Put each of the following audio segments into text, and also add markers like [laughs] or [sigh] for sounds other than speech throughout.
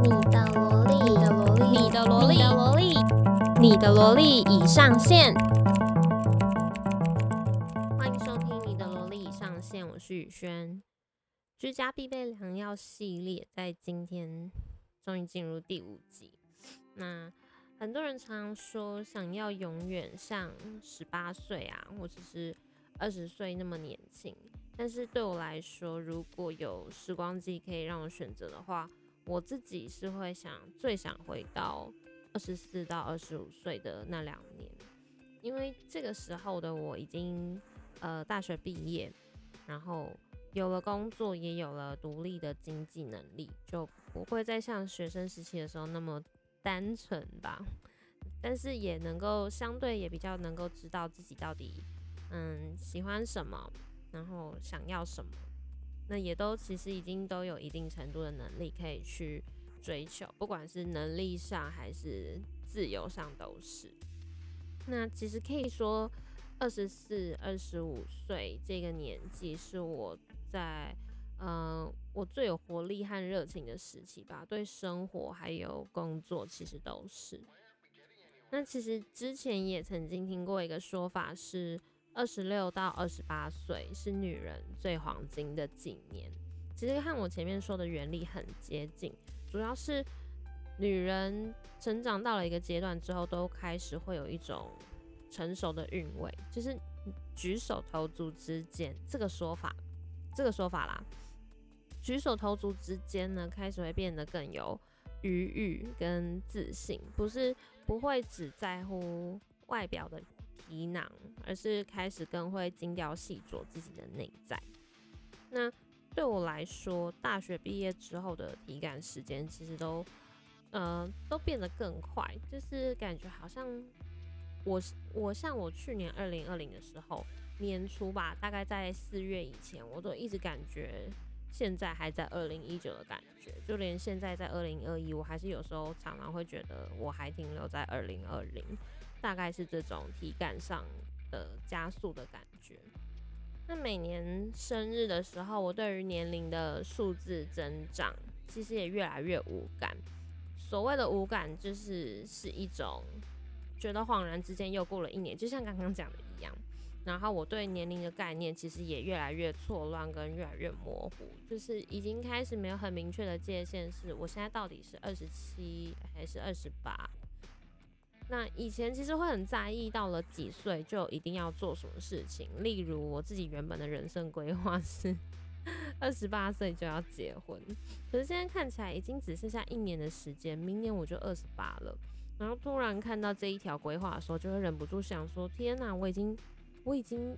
你的蘿莉，你的蘿莉，你的蘿莉，你的蘿莉，已上線。歡迎收聽你的蘿莉已上線，我是雨瑄。居家必備良藥系列在今天終於進入第五集。那很多人常常說想要永遠像十八歲啊，或者是二十歲那麼年輕。但是對我來說，如果有時光機可以讓我選擇的話，我自己是會想最想回到二十四到二十五歲的那兩年，因為這個時候的我已經呃，大學畢業，然後有了工作，也有了獨立的經濟能力，就不會再像學生時期的時候那麼單純吧。但是也能夠相對也比較能夠知道自己到底嗯，喜歡什麼。然後想要什麼，那也都其實已經都有一定程度的能力可以去追求，不管是能力上還是自由上都是。那其實可以說，二十四、二十五歲這個年紀是我在嗯、呃、我最有活力和熱情的時期吧，對生活還有工作其實都是。那其實之前也曾經聽過一個說法是，二十六到二十八歲是女人最黃金的幾年，其實和我前面說的原理很接近，主要是女人成長到了一個階段之後，都開始會有一種成熟的韻味，就是舉手投足之間這個說法，這個說法啦，舉手投足之間呢，開始會變得更有餘裕跟自信，不是不會只在乎外表的。皮囊，而是開始更會精雕細琢自己的內在。那對我來說，大學畢業之後的體感時間其實都，嗯、呃，都變得更快，就是感覺好像我我像我去年二零二零的時候年初吧，大概在四月以前，我都一直感覺現在還在二零一九的感覺，就連現在在二零二一，我還是有時候常常會覺得我還停留在二零二零。大概是這種體感上的加速的感覺。那每年生日的時候，我對於年齡的數字增長，其實也越來越無感。所謂的無感，就是是一種覺得恍然之間又過了一年，就像剛剛講的一樣。然後我對年齡的概念，其實也越來越錯亂跟越來越模糊，就是已經開始沒有很明確的界限是，是我現在到底是二十七還是二十八？那以前其實會很在意，到了幾歲就一定要做什麼事情。例如我自己原本的人生規劃是二十八歲就要結婚，可是現在看起來已經只剩下一年的時間，明年我就二十八了。然後突然看到這一條規劃的時候，就會忍不住想說：天哪，我已經我已經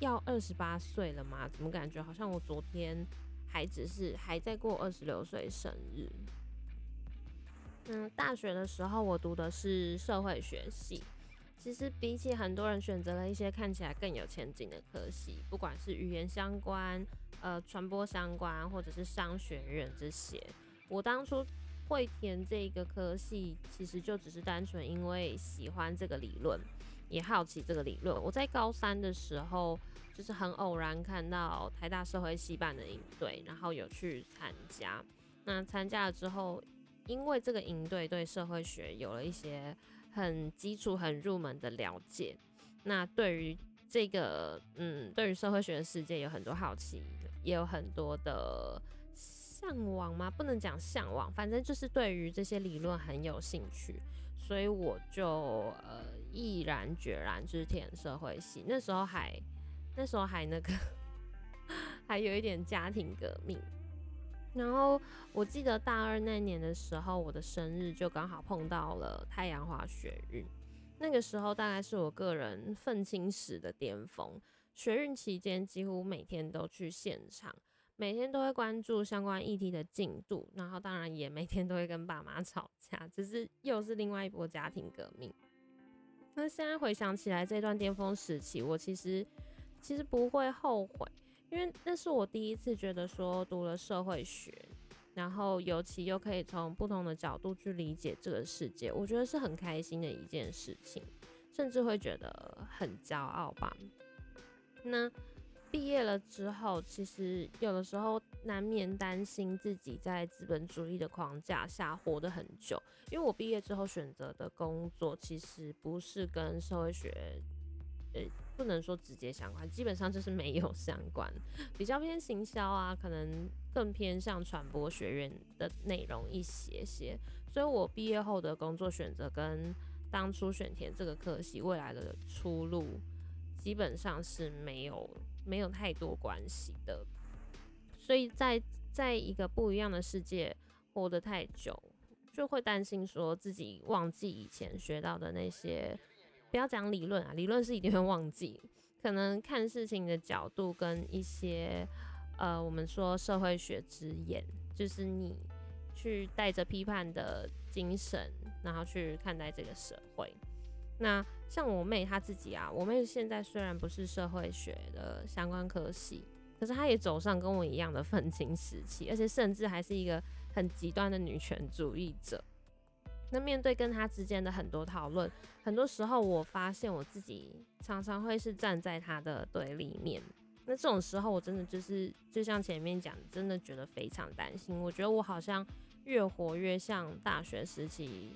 要二十八歲了嗎？怎麼感覺好像我昨天還只是還在過二十六歲生日？嗯，大學的時候我讀的是社會學系。其實比起很多人選擇了一些看起來更有前景的科系，不管是語言相關、呃傳播相關，或者是商學院這些，我當初會填這個科系，其實就只是單純因為喜歡這個理論，也好奇這個理論。我在高三的時候，就是很偶然看到台大社會系辦的營隊，然後有去參加。那參加了之後。因為這個營隊對，對社會學有了一些很基礎、很入門的了解，那對於這個，嗯，對於社會學的世界有很多好奇，也有很多的嚮往嗎？不能講嚮往，反正就是對於這些理論很有興趣，所以我就呃毅然決然就填社會系。那時候還那時候還那個， [laughs] 還有一點家庭革命。然後我記得大二那年的時候，我的生日就剛好碰到了太陽花學運。那個時候大概是我個人憤青史的巔峰，學運期間幾乎每天都去現場，每天都會關注相關議題的進度，然後當然也每天都會跟爸媽吵架，只是又是另外一波家庭革命。那現在回想起來，這段巔峰時期，我其實其實不會後悔。因為那是我第一次覺得說，讀了社會學，然後尤其又可以從不同的角度去理解這個世界，我覺得是很開心的一件事情，甚至會覺得很驕傲吧。那畢業了之後，其實有的時候難免擔心自己在資本主義的框架下活得很久，因為我畢業之後選擇的工作其實不是跟社會學，呃。不能說直接相關，基本上就是沒有相關，比較偏行銷啊，可能更偏向傳播學院的內容一些些。所以，我畢業後的工作選擇跟當初選填這個科系未來的出路，基本上是沒有沒有太多關係的。所以在在一個不一樣的世界活得太久，就會擔心說自己忘記以前學到的那些。不要講理論啊，理論是一定會忘記。可能看事情的角度跟一些，呃，我們說社會學之眼，就是你去帶着批判的精神，然後去看待這個社會。那像我妹她自己啊，我妹現在雖然不是社會學的相關科系，可是她也走上跟我一樣的憤青時期，而且甚至還是一個很極端的女權主義者。那面對跟他之間的很多討論，很多時候我發現我自己常常會是站在他的對立面。那這種時候，我真的就是就像前面講，真的覺得非常擔心。我覺得我好像越活越像大學時期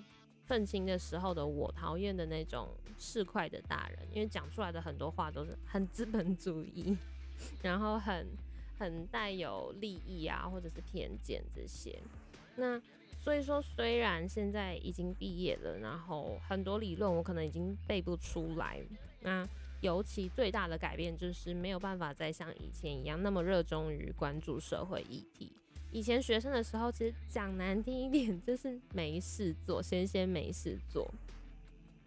憤青的時候的我，討厭的那種市儈的大人，因為講出來的很多話都是很資本主義，然後很很帶有利益啊，或者是偏見這些。那。所以說，雖然現在已經畢業了，然後很多理論我可能已經背不出來。那尤其最大的改變就是沒有辦法再像以前一樣那麼熱衷於關注社會議題。以前學生的時候，其實講難聽一點，就是沒事做，先先沒事做。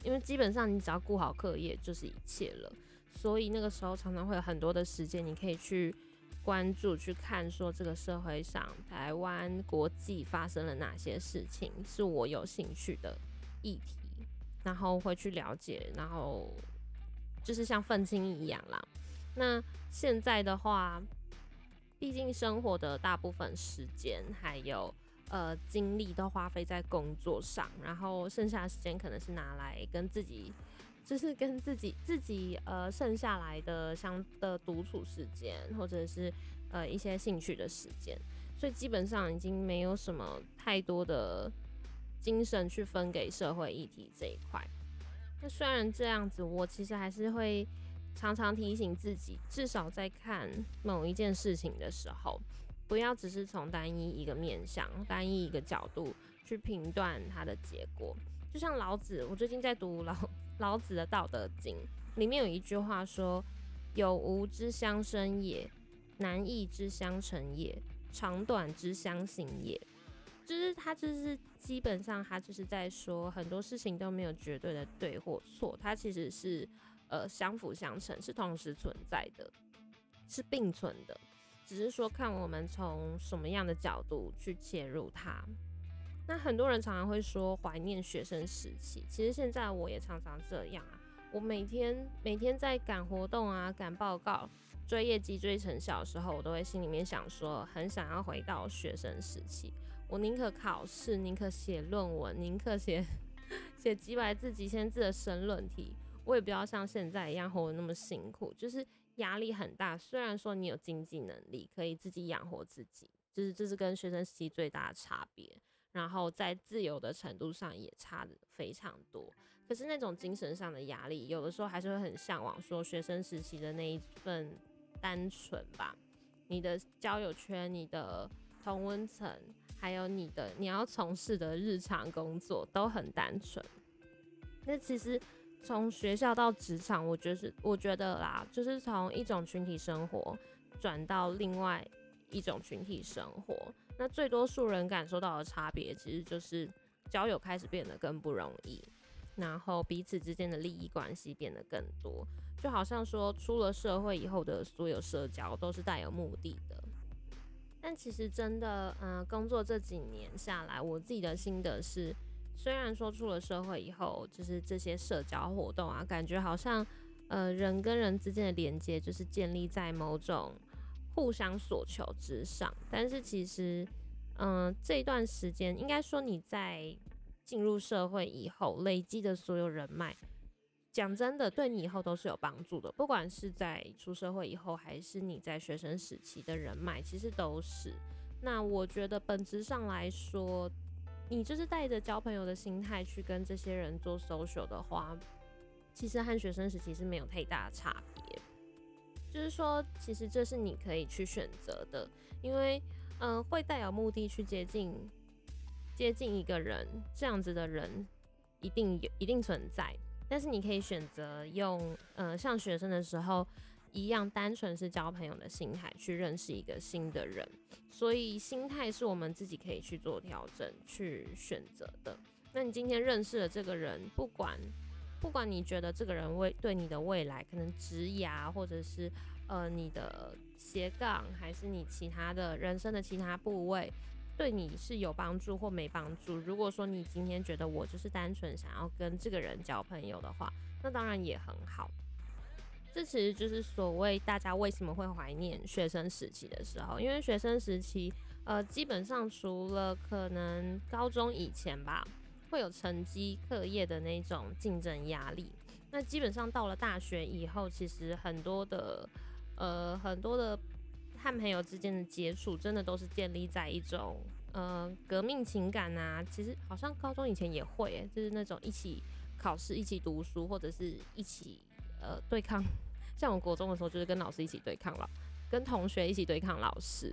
因為基本上你只要顧好課業就是一切了，所以那個時候常常會有很多的時間，你可以去。關注去看說這個社會上台灣國際發生了哪些事情是我有興趣的議題，然後會去了解，然後就是像憤青一,一樣啦。那現在的話，畢竟生活的大部分時間還有呃精力都花費在工作上，然後剩下的時間可能是拿來跟自己。就是跟自己自己呃剩下來的相的獨處時間，或者是呃一些興趣的時間，所以基本上已經沒有什麼太多的精神去分給社會議題這一塊。那雖然這樣子，我其實還是會常常提醒自己，至少在看某一件事情的時候，不要只是從單一一個面向、單一一個角度去評斷它的結果。就像老子，我最近在讀老。老子的《道德經》裡面有一句話說：“有無之相生也，難易之相成也，長短之相行也。”就是他就是基本上他就是在說很多事情都沒有絕對的對或錯，它其實是呃相輔相成，是同時存在的，是並存的，只是說看我們從什麼樣的角度去切入它。那很多人常常會說懷念學生時期，其實現在我也常常這樣啊。我每天每天在趕活動啊、趕報告、追業績、追成效的時候，我都會心裡面想說，很想要回到學生時期。我寧可考試，寧可寫論文，寧可寫寫幾百字、幾千字的申論題，我也不要像現在一樣活得那麼辛苦，就是壓力很大。雖然說你有經濟能力可以自己養活自己，就是這是跟學生時期最大的差別。然後在自由的程度上也差得非常多，可是那種精神上的壓力，有的時候還是會很嚮往，說學生時期的那一份單純吧。你的交友圈、你的同溫層，還有你的你要從事的日常工作都很單純。那其實從學校到職場，我覺得是我覺得啦，就是從一種群體生活轉到另外一種群體生活。那最多數人感受到的差別，其實就是交友開始變得更不容易，然後彼此之間的利益關係變得更多，就好像說出了社會以後的所有社交都是帶有目的的。但其實真的，嗯、呃，工作這幾年下來，我自己的心得是，雖然說出了社會以後，就是這些社交活動啊，感覺好像，呃，人跟人之間的連接就是建立在某種。互相索求之上，但是其實，嗯、呃，這段時間應該說你在進入社會以後累積的所有人脈，講真的，對你以後都是有幫助的，不管是在出社會以後，還是你在學生時期的人脈，其實都是。那我覺得本質上來說，你就是帶着交朋友的心態去跟這些人做 social 的話，其實和學生時期是沒有太大的差別。就是說，其實這是你可以去選擇的，因為，嗯、呃，會帶有目的去接近接近一個人，這樣子的人一定有，一定存在。但是你可以選擇用，呃，像學生的時候一樣，單純是交朋友的心態去認識一個新的人。所以，心態是我們自己可以去做調整、去選擇的。那你今天認識了這個人，不管。不管你覺得這個人為對你的未來可能職涯，或者是呃你的斜槓，還是你其他的人生的其他部位，對你是有幫助或沒幫助。如果說你今天覺得我就是單純想要跟這個人交朋友的話，那當然也很好。這其實就是所謂大家為什麼會懷念學生時期的時候，因為學生時期，呃，基本上除了可能高中以前吧。會有成績課業的那種競爭壓力，那基本上到了大學以後，其實很多的呃很多的和朋友之間的接觸，真的都是建立在一種嗯、呃，革命情感吶、啊。其實好像高中以前也會，就是那種一起考試、一起讀書，或者是一起呃對抗。像我國中的時候，就是跟老師一起對抗了，跟同學一起對抗老師。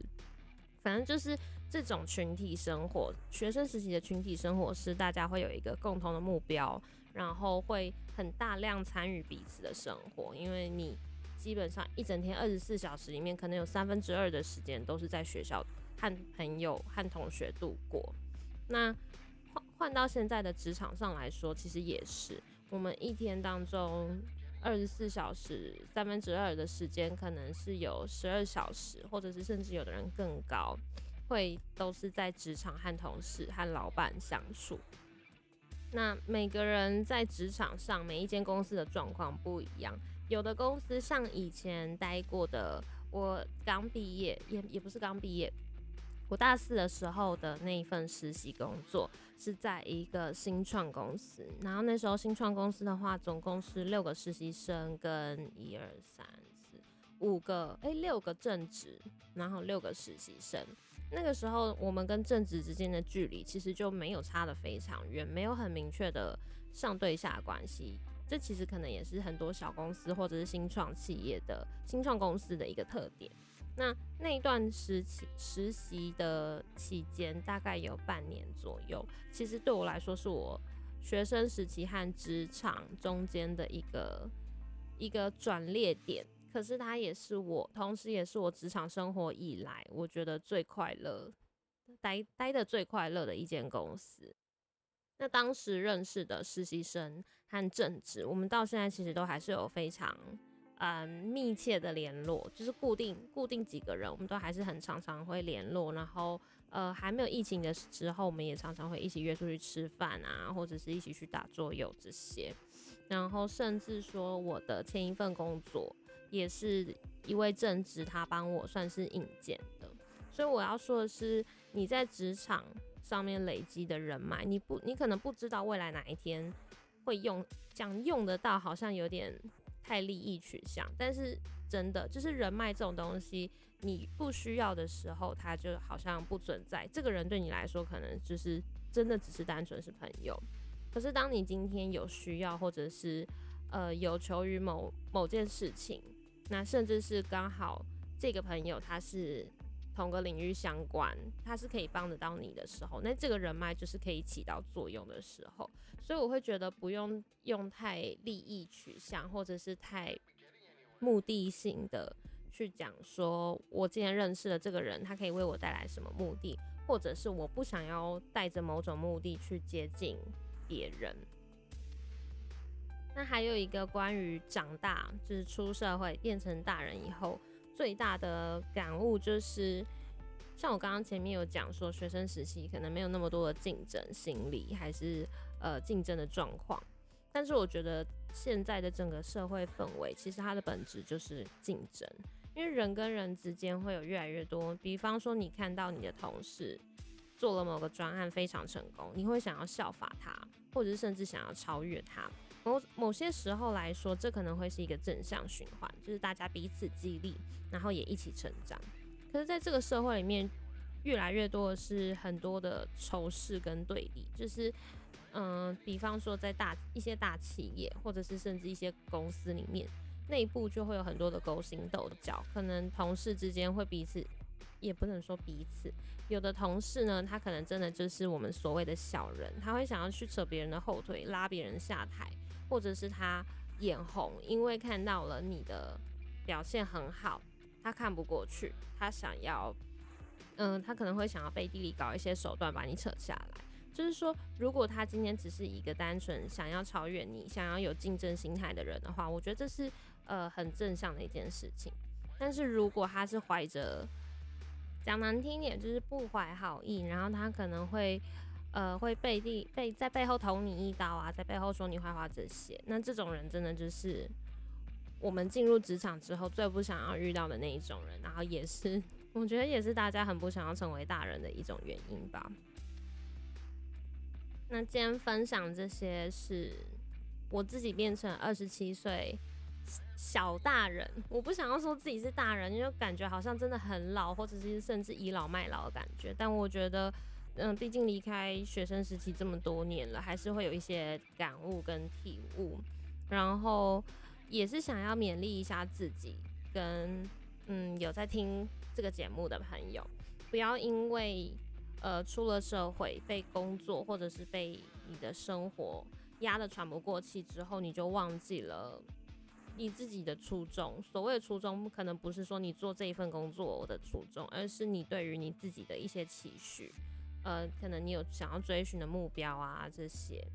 反正就是這種群體生活，學生時期的群體生活是大家會有一個共同的目標，然後會很大量參與彼此的生活，因為你基本上一整天二十四小時裡面，可能有三分之二的時間都是在學校和朋友和同學度過。那換換到現在的職場上來說，其實也是我們一天當中。二十四小時三分之二的時間，可能是有十二小時，或者是甚至有的人更高，會都是在職場和同事、和老闆相處。那每個人在職場上，每一間公司的狀況不一樣，有的公司像以前待過的，我剛畢業，也也不是剛畢業。我大四的時候的那一份實習工作是在一個新創公司，然後那時候新創公司的話，總共是六個實習生跟一二三四五個，哎、欸，六個正職，然後六個實習生。那個時候我們跟正職之間的距離其實就沒有差得非常遠，沒有很明確的上對下關係。這其實可能也是很多小公司或者是新創企業的新創公司的一個特點。那那一段時期實習，實習的期間，大概有半年左右，其實對我來說是我學生時期和職場中間的一個一個轉捩點。可是它也是我，同時也是我職場生活以來，我覺得最快樂，待待得最快樂的一間公司。那當時認識的實習生和正職，我們到現在其實都還是有非常。嗯，密切的聯絡就是固定固定幾個人，我們都還是很常常會聯絡。然後，呃，還沒有疫情的時候，我們也常常會一起約出去吃飯啊，或者是一起去打桌遊這些。然後，甚至說我的前一份工作，也是一位正職，他幫我算是引薦的。所以我要說的是，你在職場上面累積的人脈，你不你可能不知道未來哪一天會用，講用得到好像有點。太利益取向，但是真的就是人脈這種東西，你不需要的時候，它就好像不存在。這個人對你來說，可能就是真的只是單純是朋友。可是當你今天有需要，或者是呃有求於某某件事情，那甚至是剛好這個朋友他是，同個領域相關，他是可以幫得到你的時候，那這個人脈就是可以起到作用的時候，所以我會覺得不用用太利益取向，或者是太目的性的去講說，我今天認識了這個人，他可以為我帶來什麼目的，或者是我不想要帶着某種目的去接近別人。那還有一個關於長大，就是出社會變成大人以後。最大的感悟就是，像我剛剛前面有講說，學生時期可能沒有那麼多的競爭心理，還是呃競爭的狀況。但是我覺得現在的整個社會氛圍，其實它的本質就是競爭，因為人跟人之間會有越來越多。比方說，你看到你的同事做了某個專案非常成功，你會想要效法他，或者是甚至想要超越他。某某些時候來說，這可能會是一個正向循環，就是大家彼此激勵，然後也一起成長。可是，在這個社會裡面，越來越多的是很多的仇視跟對立。就是，嗯、呃，比方說，在大一些大企業，或者是甚至一些公司裡面，內部就會有很多的勾心鬥角。可能同事之間會彼此，也不能說彼此，有的同事呢，他可能真的就是我們所謂的小人，他會想要去扯別人的後腿，拉別人下台。或者是他眼紅，因為看到了你的表現很好，他看不過去，他想要，嗯、呃，他可能會想要背地裡搞一些手段把你扯下來。就是說，如果他今天只是一個單純想要超越你、想要有競爭心態的人的話，我覺得這是呃很正向的一件事情。但是如果他是懷着，講難聽一點，就是不懷好意，然後他可能會。呃，會背地背在背後捅你一刀啊，在背後說你壞話這些，那這種人真的就是我們進入職場之後最不想要遇到的那一種人，然後也是我覺得也是大家很不想要成為大人的一種原因吧。那今天分享這些是我自己變成二十七歲小大人，我不想要說自己是大人，因為感覺好像真的很老，或者是甚至倚老賣老的感覺，但我覺得。嗯，畢竟離開學生時期這麼多年了，還是會有一些感悟跟體悟，然後也是想要勉勵一下自己，跟嗯有在聽這個節目的朋友，不要因為呃出了社會被工作或者是被你的生活壓得喘不過氣之後，你就忘記了你自己的初衷。所謂的初衷，可能不是說你做這一份工作我的初衷，而是你對於你自己的一些期許。呃，可能你有想要追尋的目標啊，這些，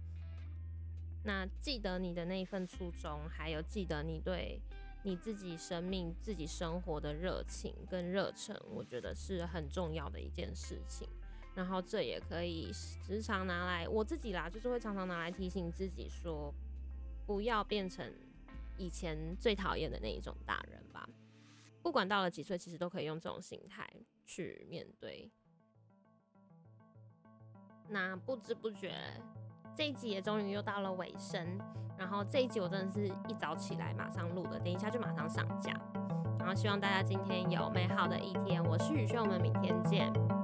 那記得你的那一份初衷，還有記得你對你自己生命、自己生活的熱情跟熱忱，我覺得是很重要的一件事情。然後這也可以時常拿來，我自己啦，就是會常常拿來提醒自己說，不要變成以前最討厭的那一種大人吧。不管到了幾歲，其實都可以用這種心態去面對。那不知不覺，這一集也終於又到了尾聲。然後這一集我真的是一早起來馬上錄的，等一下就馬上上架。然後希望大家今天有美好的一天。我是雨瑄，我們明天見。